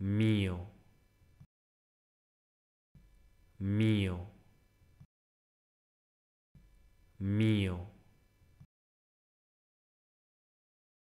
mío, mío, mío.